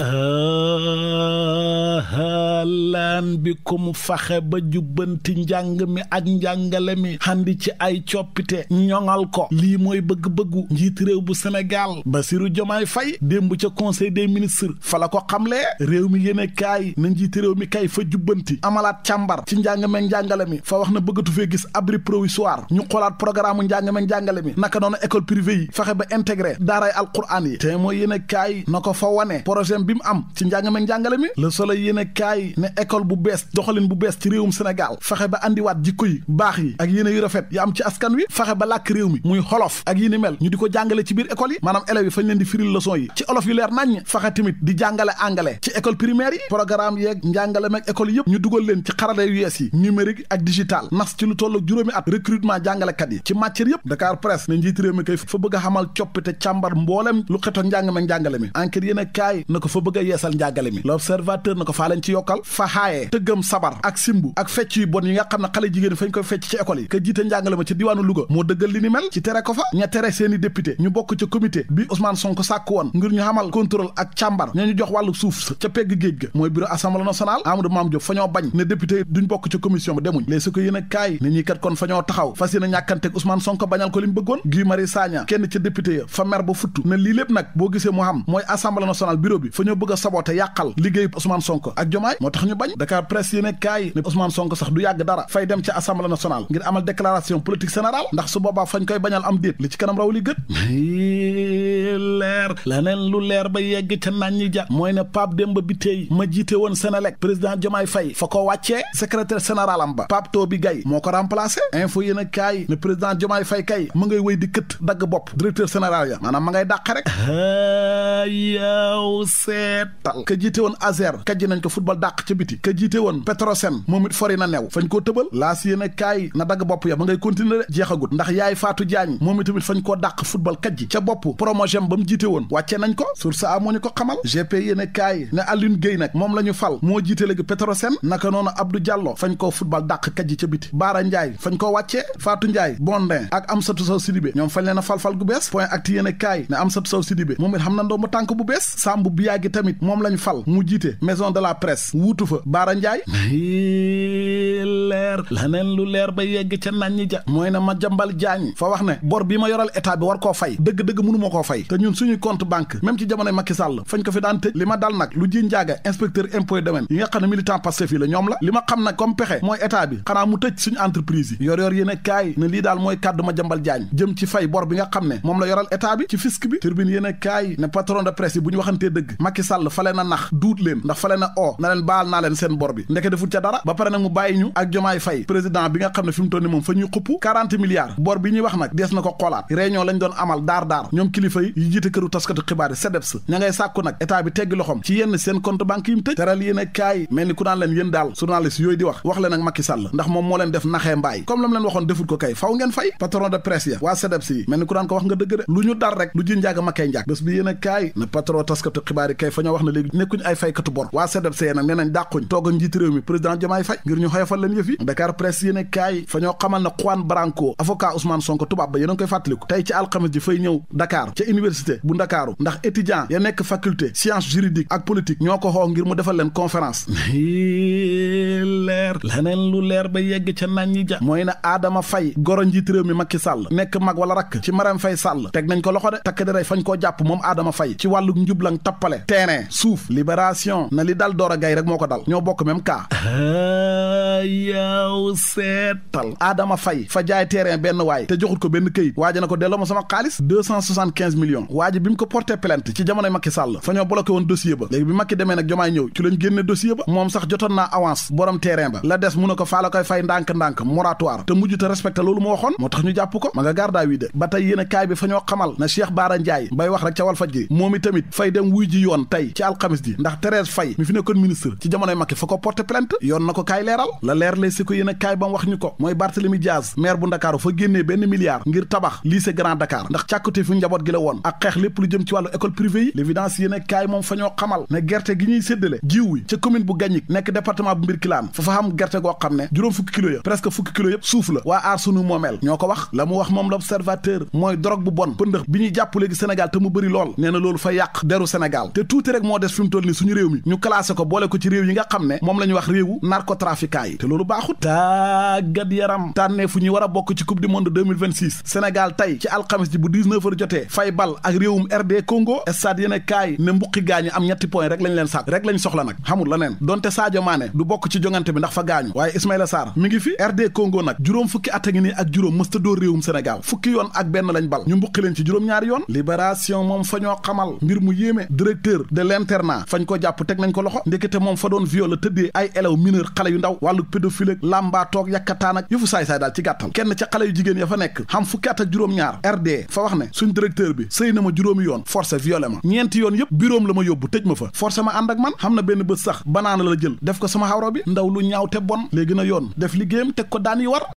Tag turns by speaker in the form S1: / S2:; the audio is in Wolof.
S1: Uh, ñaan bi ku mu faxe ba jubbanti njàng mi ak mi xandi ci ay coppite ñoŋal ko lii mooy bëgg-bëggu njiit réew bu Sénégal Bassirou Diomaye Faye démb ca conseil des ministre fala la ko xamlee réew mi yéene kaay na njiit réew mi kay fa jubbanti amalaat càmbar ci njàng meeg njàngale mi fa wax na bëggatu fee gis abri provisoire ñu xoolaat programme njàng meeg njàngale mi naka noonu école privée yi fexe ba intégré daaray alquran yi te mooy yéene kaay na ko fa wane projet bi mu am ci njàng meeg njàngale mi le soleil yéene kaay ne école bu bees doxalin bu bees ci réewum Sénégal fexe ba andiwaat jikko yi baax yi ak yéene yu rafet ya am ci askan wi fexe ba làkk réew mi muy xolof ak yi ni mel ñu di ko jàngale ci biir école yi maanaam élèves yi fañ leen di firil leçon yi ci olof yu leer naññ fexe tamit di jàngale anglais ci école primaire yi programme yeeg njàngale meeg école yëpp ñu dugal leen ci xarala yu yees yi numérique ak digital nas ci lu toll juróomi at recrutement jàngalekat yi ci matière yëpp Dakar Presse ne njiit réew mi a njàngale mi enquête yéen a kaay na bëgg a yeesal njàngale mi l'observateur na ko faa aaye tëggam sabar ak simbu ak fecc yu bon yi nga xam ne xale jigéen fañ koy fecc ci école yi ka jiite njàngale ma ci diwaanu Louga moo dëggal li ni mel ci tere ko fa ña tere seeni député ñu bokk ca comité bi Ousmane Sonko sàkk woon ngir ñu xamal contrôle ak càmbar ña ñu jox wàllu suuf ca pegg géej ga mooy bureau assemblée nationale Amadou Mame Diop fa ñoo bañ ne député duñ bokk ca commission bi demuñ les su ko yéen a kaay ne ñuy kat kon fa ñoo taxaw fas yéen a ñàkkanteg Ousmane Sonko li mu boo gisee mu xam mooy assemblée nationale bureau bi fa ñoo a saboté tax ñu bañ Dakar presse yéene kaay ne Ousmane Sonko sax du yàgg dara fay dem ca assemblée nationale ngir amal déclaration politique générale ndax su boobaa fañ koy bañal am déet li ci kanam raw li gët leer leneen lu leer ba yegg ca naan ñi ja mooy ne Pape Demba Bitèye ma jiite woon Sénélec président Diomaye fay fa ko wàccee secrétaire général am ba Pape Toby Gaye moo ko remplacé info yéene kaay ne président Diomaye Faye kay ma ngay wéy di kët dagg bopp directeur général ya maanaam ngay dàq rek yow seetal woon Azer kajji nañ ko football dàq ca biti ka jiite woon Petrosen moom it fori na new fañ koo tëbal laas yéen kaay na dagg bopp ya ma ngay continuer jeexagut ndax yaay Fatou Diagne moom itamit fañ koo dàq football kat ji ca bopp promogem ba mu jiite woon wàcce nañ ko source a moo ñu ko xamal gp yéen kaay ne Alioune Guèye nag moom la ñu fal moo jiite léegi Petrosen naka noonu Abdou Diallo fañ koo football dàq kat ji ca biti Baara Ndiaye fañ koo wàccee Fatou Ndiaye Bondin ak Amsatou Sow Sidibé ñoom fañ leen gu bees point acti yéen kaay ne Amsatou Sow Sidibé moom it xam na ndoo mu mu jiite maison de la presse wuutu fa Baara Ndiaye leer ba yegg na ma jambal jaañ fa wax ne bor bi ma yoral état bi war koo fay dëgg-dëgg mënu ma koo fay te ñun suñuy compte banque même ci jamonoy Macky Sall fañ ko fi daan tëj li ma dal nag lu ji njaaga inspecteur impôt domaine yi nga xam ne militant Pastef yi la ñoom la li ma xam nag comme pexe mooy état bi xanaa mu tëj suñu entreprise yi yor yor yéen a kaay ne lii daal mooy kàddu ma jambal jaañ jëm ci fay bor bi nga xam ne moom la yoral état bi ci fisc bi turbine seen bor bi ndeke defut ca dara ba pare nag mu bàyyi ñu ak jomaay fay président bi nga xam ne fi ni moom fa ñuy xupp 40 bor bi ñuy wax nag dees na ko xoolaat réunion lañ doon amal daar daar ñoom kilifa yi yi jiite këru taskatu xibaar SEDEPS ña sàkku nag état bi teggi loxom ci yenn seen compte banque yi tëj teral yéen kaay mel ni ku naan leen yéen daal yooyu di wax wax leen ak Macky Sall ndax moom moo leen def naxee mbaay comme lam toogal njiit réew mi ngir ñu xoyofal leen yëf yi Dakar presse fa ñoo xamal ne Juan Branco avocat Ousmane Sonko tubaab ba yéen a ngi koy fàttaliku tey ci alxames ji fay ñëw Dakar ca université bu Ndakaaru ndax étudiant ya nekk faculté science juridique ak politique ñoo ko xoo ngir mu defal leen conférence leer leneen lu leer ba yegg ca nañ ñi ja mooy na Adama Faye goro njiit réew mi Macky Sall nekk mag wala rakk ci Marème Faye Sall teg nañ ko loxo de takk deray fañ koo jàpp moom Adama Faye ci wàllu njublang tappale terrain suuf libération na li dal Doro Gaye rek moo ko dal bokk même cas yaaw seetal Adama Faye fa jaay terrain benn waay te joxut ko benn këyit waaji na ko delloo ma sama xaalis deux cent soixante quinze millions waaji bi mu ko porté plainte ci jamonoy Macky Sall fa ñoo bloqué woon dossier ba léegi bi Macky demee nag jomaay ñëw ci lañ génne dossier ba moom sax jotoon naa avance borom terrain ba la des mu ne ko faa la fay ndànk-ndànk moratoire te mujj te respecté loolu mu waxoon moo tax ñu jàpp ko ma nga gardaa wi de ba tey yéen a moom tamit fay dem wuy ji yoon tey ci ci jamonoy Macky dafa ko porté plainte yoon na ko kaay leeral la leer lay si ko yéen a kaay ba mu wax ñu ko mooy Barthélemy Diaz maire bu Ndakaaru fa génnee benn milliard ngir tabax lycée Grand Dakar ndax càkkute fu njaboot gi la woon ak xeex lépp lu jëm ci wàllu école privée yi l'évidence yéen a kaay moom fa ñoo xamal ne gerte gi ñuy séddale jiw ca commune bu Gagnic nekk département bu Mbirkilaan fa fa xam gerte goo xam ne juróom fukki kilo ya presque fukki kilo yëpp suuf la waa aar sunu moomeel ñoo ko wax la mu wax jàpp léegi Sénégal te mu bëri lool nee na loolu fa yàq deru Sénégal te tuuti moo des fi mu toll réew mi ñu ko boole ko ci réew nga xam ne moom la ñu wax réewu narcotrafiquants yi te loolu baaxut tàggat yaram tànnee fu ñuy war a bokk ci coupe du monde 2026 Sénégal tey ci alxamis ji bu 19 heures jotee fay bal ak réewum RD Congo stade ne mbuqi gaañu am ñetti point rek lañ leen sàtt rek lañ soxla nag xamul la neen donte Sadio Mané du bokk ci jongante bi ndax fa gaañu waaye Ismaïla Sarr mi ngi fi RD Congo nag juróom fukki at a ngi nii ak juróom mësta dóor réewum Sénégal fukki yoon ak benn lañ bal ñu yoon libération moom fa ñoo mu yéeme directeur de l'internat fañ ko jàpp teg ko loxo ndekete moom la tëddee ay élève mineur xale yu ndaw wàllu pédophile ak yakkataanak yakkataan ak yëfu saay-saay daal ci gàttal kenn ca xale yu jigéen ya fa nekk xam fukki at ak juróom-ñaar rd fa wax ne suñ directeur bi sëy na ma juróomi yoon forcé violé ma ñeenti yoon yëpp buróom la ma yóbbu tëj ma fa forcé ma ànd ak man xam na benn bés sax banaana la jël def ko sama xawro bi ndaw lu ñaaw te bon léegi na yoon def liggéeyam teg ko daan yi war